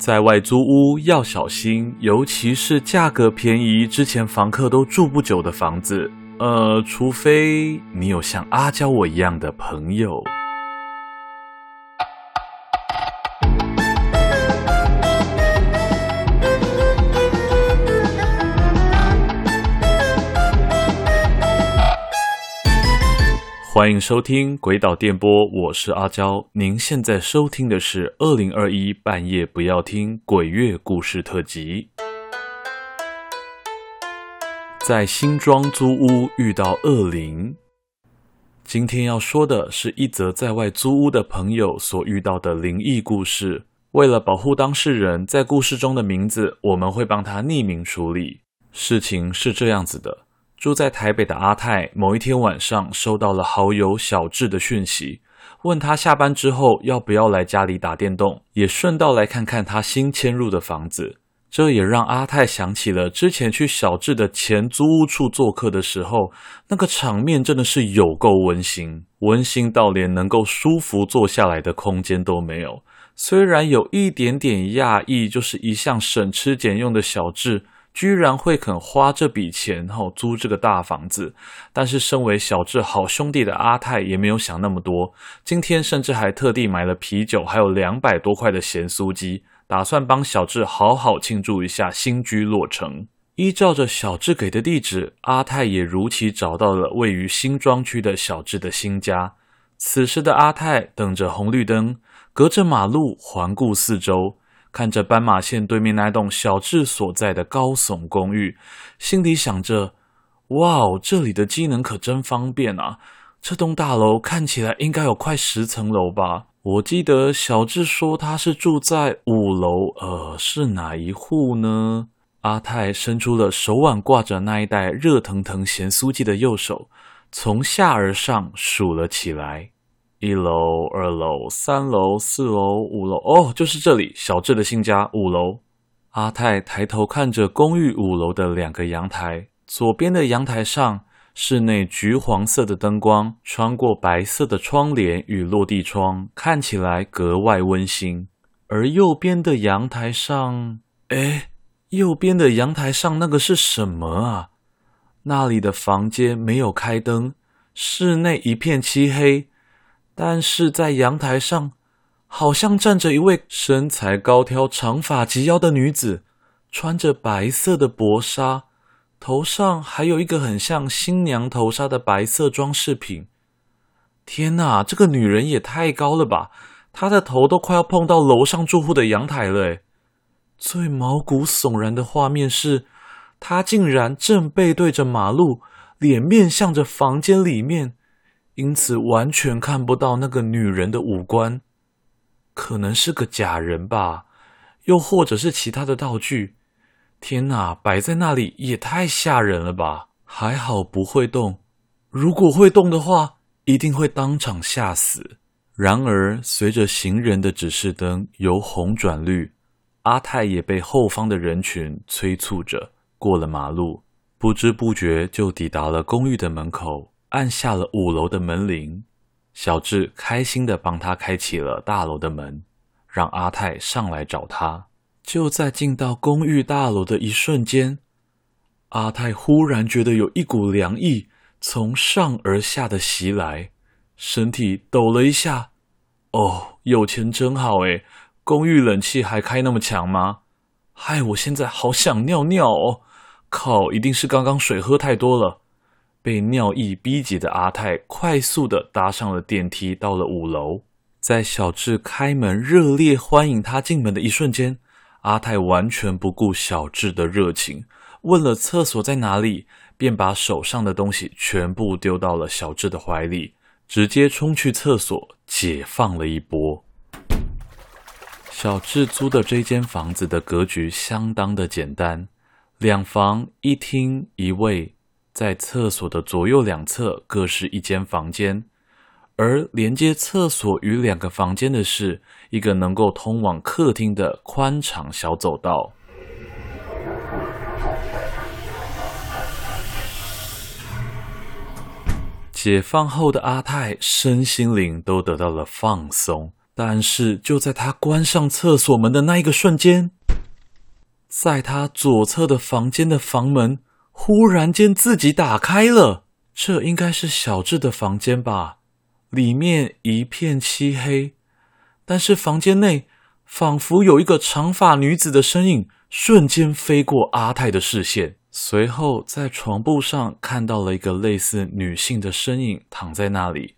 在外租屋要小心，尤其是價格便宜、之前房客都住不久的房子。呃，除非你有像阿交我一樣的朋友。歡迎收聽《詭島電波》，我是阿交。您現在收聽的是《二零二一半夜不要聽鬼月故事特輯》。在新莊租屋遇到惡靈。今天要說的是一則在外租屋的朋友所遇到的靈異故事。為了保護當事人在故事中的名字，我們會幫他匿名處理。事情是這樣子的。住在台北的阿泰，某一天晚上收到了好友小智的訊息，問他下班之後要不要來家裡打電動，也順道來看看他新遷入的房子。這也讓阿泰想起了之前去小智的前租屋處做客的時候，那個場面真的是有夠溫馨，溫馨到連能夠舒服坐下來的空間都沒有。雖然有一點點訝異，就是一向省吃儉用的小智。居然會肯花這筆錢，然後租這個大房子，但是身為小智好兄弟的阿泰也沒有想那麼多。今天甚至還特地買了啤酒，還有兩百多塊的鹹酥雞，打算幫小智好好慶祝一下新居落成。依照着小智給的地址，阿泰也如期找到了位於新莊區的小智的新家。此時的阿泰等着紅綠燈，隔着馬路環顧四周。看着斑馬線對面那棟小智所在的高聳公寓，心裡想着：“哇哦，這裡的機能可真方便啊！這棟大樓看起來應該有快十層樓吧？我記得小智說他是住在五樓，呃，是哪一戶呢？”阿泰伸出了手腕掛着那一袋熱騰騰鹹酥雞的右手，從下而上數了起來。一樓、二樓、三樓、四樓、五樓，哦，就是這裡，小智的新家，五樓。阿泰抬頭看着公寓五樓的兩個陽台，左邊的陽台上，室內橘黃色的燈光穿過白色的窗簾與落地窗，看起來格外溫馨。而右邊的陽台上，哎，右邊的陽台上那個是什麼啊？那裡的房間沒有開燈，室內一片漆黑。但是在陽台上，好像站着一位身材高挑、長髮及腰的女子，穿着白色的薄紗，頭上還有一個很像新娘頭紗的白色裝飾品。天哪，這個女人也太高了吧，她的頭都快要碰到樓上住戶的陽台了耶。最毛骨悚然的畫面是，她竟然正背對着馬路，臉面向着房間裡面。因此，完全看不到那個女人的五官，可能是個假人吧，又或者是其他的道具。天哪，擺在那裡也太嚇人了吧！還好不會動，如果會動的話，一定會當場嚇死。然而，隨着行人的指示燈由紅轉綠，阿泰也被後方的人群催促着過了馬路，不知不覺就抵達了公寓的門口。按下了五樓的門鈴，小智開心地幫他開啟了大樓的門，讓阿泰上來找他。就在進到公寓大樓的一瞬間，阿泰忽然覺得有一股涼意從上而下的襲來，身體抖了一下。哦，有錢真好哎！公寓冷氣還開那麼強嗎？害我現在好想尿尿哦！靠，一定是剛剛水喝太多了。被尿意逼急的阿泰，快速的搭上了電梯，到了五樓。在小智開門熱烈歡迎他進門的一瞬間，阿泰完全不顧小智的熱情，問了廁所在哪裡，便把手上的東西全部丟到了小智的懷裡，直接衝去廁所，解放了一波。小智租的這間房子的格局相當的簡單，兩房一廳一衛。在廁所的左右兩側各是一間房間，而連接廁所與兩個房間的是一個能夠通往客廳的寬敞小走道。解放後的阿泰身心靈都得到了放鬆，但是就在他關上廁所門的那一個瞬間，在他左側的房間的房門。忽然間自己打開了，這應該是小智的房間吧？裡面一片漆黑，但是房間內仿佛有一個長髮女子的身影瞬間飛過阿泰的視線，隨後在床鋪上看到了一個類似女性的身影躺在那裡。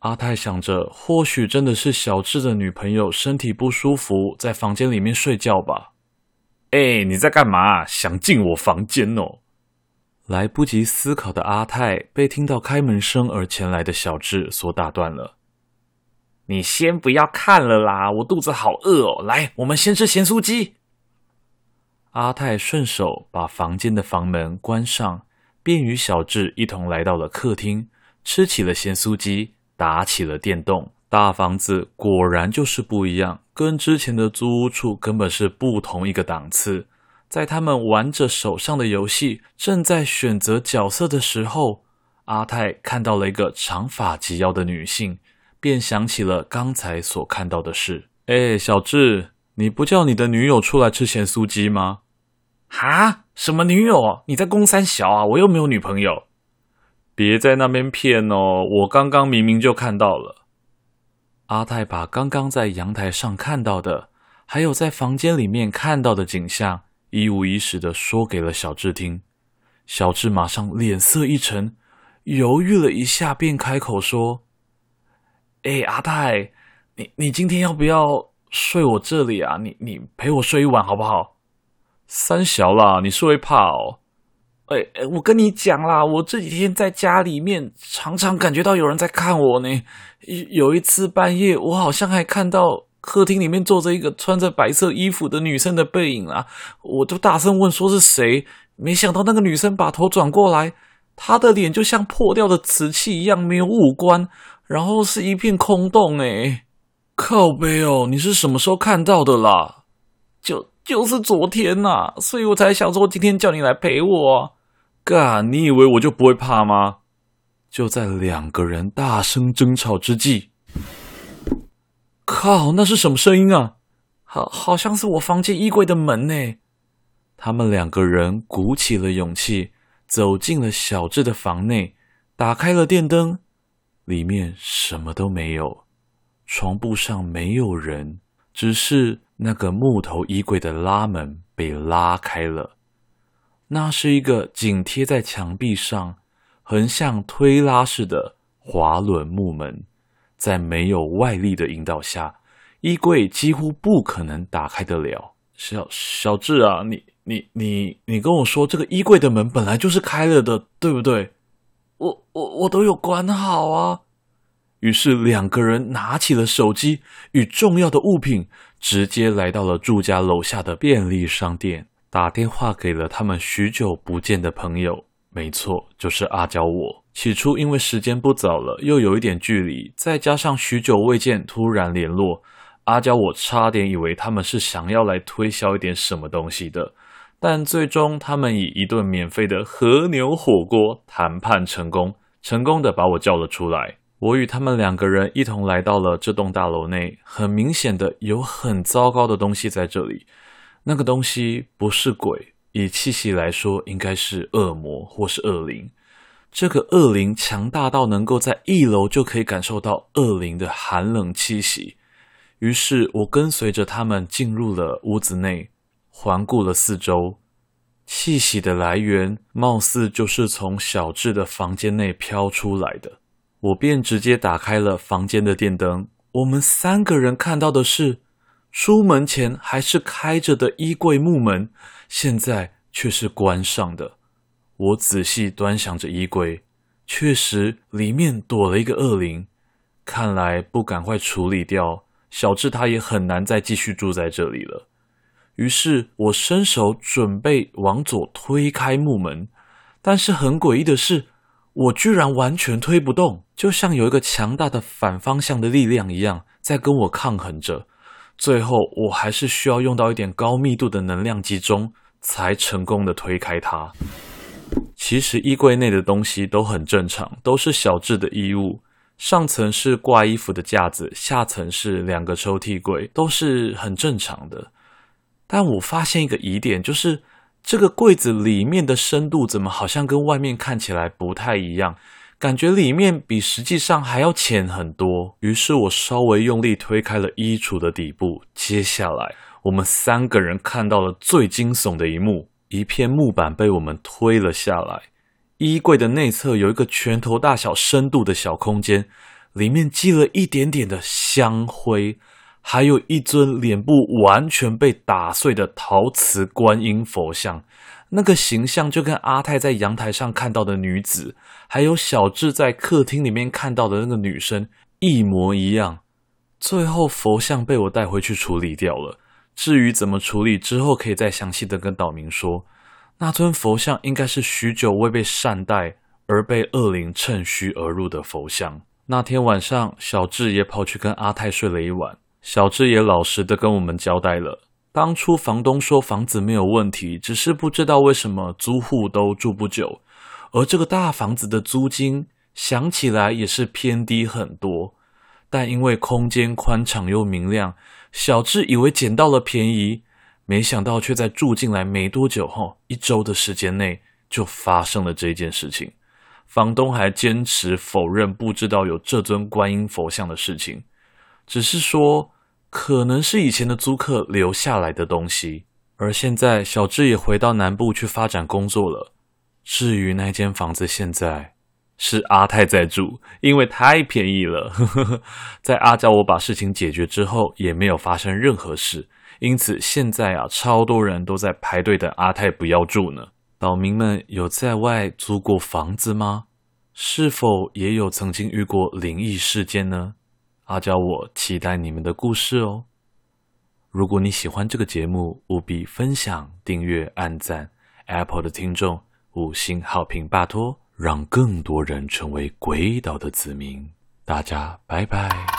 阿泰想着，或許真的是小智的女朋友身體不舒服，在房間裡面睡覺吧？哎、欸，你在幹嘛？想進我房間哦？來不及思考的阿泰，被聽到開門聲而前來的小智所打斷了。你先不要看了啦，我肚子好餓哦！來，我們先吃鹹酥雞。阿泰順手把房間的房門關上，便與小智一同來到了客廳，吃起了鹹酥雞，打起了電動。大房子果然就是不一樣，跟之前的租屋處根本是不同一個檔次。在他們玩着手上的遊戲，正在選擇角色的時候，阿泰看到了一個長髮及腰的女性，便想起了剛才所看到的事。哎，小智，你不叫你的女友出來吃鹹酥雞嗎？哈，什麼女友啊？你在攻三小啊？我又沒有女朋友，別在那邊騙哦！我剛剛明明就看到了。阿泰把剛剛在陽台上看到的，還有在房間裡面看到的景象。一五一十的說給了小智聽，小智馬上臉色一沉，猶豫了一下，便開口說：“哎、欸，阿泰，你你今天要不要睡我這裡啊？你你陪我睡一晚好不好？三小啦，你是不會怕哦？哎哎、欸欸，我跟你講啦，我這幾天在家裡面常常感覺到有人在看我呢。有有一次半夜，我好像還看到。”客廳裡面坐着一個穿着白色衣服的女生的背影啊，我就大聲問說是誰？沒想到那個女生把頭轉過來，她的臉就像破掉的瓷器一樣，沒有五官，然後是一片空洞、欸。哎，靠北哦，你是什麼時候看到的啦？就就是昨天吶、啊，所以我才想說今天叫你來陪我。幹，你以為我就不會怕嗎？就在兩個人大聲爭吵之際。靠，那是什麼聲音啊？好，好像是我房間衣櫃的門欸。他們兩個人鼓起了勇氣，走進了小智的房內，打開了電燈，裡面什麼都沒有，床鋪上沒有人，只是那個木頭衣櫃的拉門被拉開了。那是一個緊貼在牆壁上、橫向推拉式的滑輪木門。在沒有外力的引導下，衣櫃幾乎不可能打開得了。小小智啊，你你你你跟我說，這個衣櫃的門本來就是開了的，對不對？我我我都有關好啊。於是兩個人拿起了手機與重要的物品，直接來到了住家樓下的便利商店，打電話給了他們許久不見的朋友。沒錯，就是阿交我。起初，因為時間不早了，又有一點距離，再加上許久未見，突然聯絡阿交，我差點以為他們是想要來推銷一點什麼東西的。但最終，他們以一頓免費的和牛火鍋談判成功，成功的把我叫了出來。我與他們兩個人一同來到了這棟大樓內，很明顯的有很糟糕的東西在這裡。那個東西不是鬼，以氣息來說，應該是惡魔或是惡靈。這個惡靈強大到能夠在一樓就可以感受到惡靈的寒冷氣息，於是我跟隨着他們進入了屋子內，環顧了四周，氣息的來源貌似就是從小智的房間內飄出來的，我便直接打開了房間的電燈。我們三個人看到的是，出門前還是開着的衣櫃木門，現在卻是關上的。我仔細端詳着衣櫃，確實裡面躲了一個惡靈。看來不趕快處理掉，小智他也很難再繼續住在這裡了。於是，我伸手準備往左推開木門，但是很詭異的是，我居然完全推不動，就像有一個強大的反方向的力量一樣在跟我抗衡着。最後，我還是需要用到一點高密度的能量集中，才成功的推開它。其實衣櫃內的東西都很正常，都是小智的衣物。上層是掛衣服的架子，下層是兩個抽屜櫃，都是很正常的。但我發現一個疑點，就是這個櫃子裡面的深度怎麼好像跟外面看起來不太一樣，感覺裡面比實際上還要淺很多。於是我稍微用力推開了衣櫥的底部，接下來我們三個人看到了最驚悚的一幕。一片木板被我們推了下來。衣櫃的內側有一個拳頭大小深度的小空間，裡面積了一點點的香灰，還有一尊臉部完全被打碎的陶瓷觀音佛像。那個形象就跟阿泰在陽台上看到的女子，還有小智在客廳裡面看到的那個女生一模一樣。最後，佛像被我帶回去處理掉了。至於怎麼處理，之後可以再詳細的跟島民說。那尊佛像應該是許久未被善待而被惡靈趁虛而入的佛像。那天晚上，小智也跑去跟阿泰睡了一晚。小智也老實的跟我們交代了，當初房東說房子沒有問題，只是不知道為什麼租戶都住不久。而這個大房子的租金，想起來也是偏低很多，但因為空間寬敞又明亮。小智以為撿到了便宜，沒想到卻在住進來沒多久後，一周的時間內就發生了這件事情。房東還堅持否認不知道有這尊觀音佛像的事情，只是說可能是以前的租客留下來的東西。而現在，小智也回到南部去發展工作了。至於那間房子，現在……是阿泰在住，因為太便宜了。 在阿交我把事情解決之後，也沒有發生任何事，因此現在啊，超多人都在排隊等阿泰不要住呢。島民們有在外租過房子嗎？是否也有曾經遇過靈異事件呢？阿交我期待你們的故事哦。如果你喜歡這個節目，務必分享、訂閱、按讚，Apple 的聽眾五星好評霸脫，拜托。讓更多人成為詭島的子民。大家，拜拜。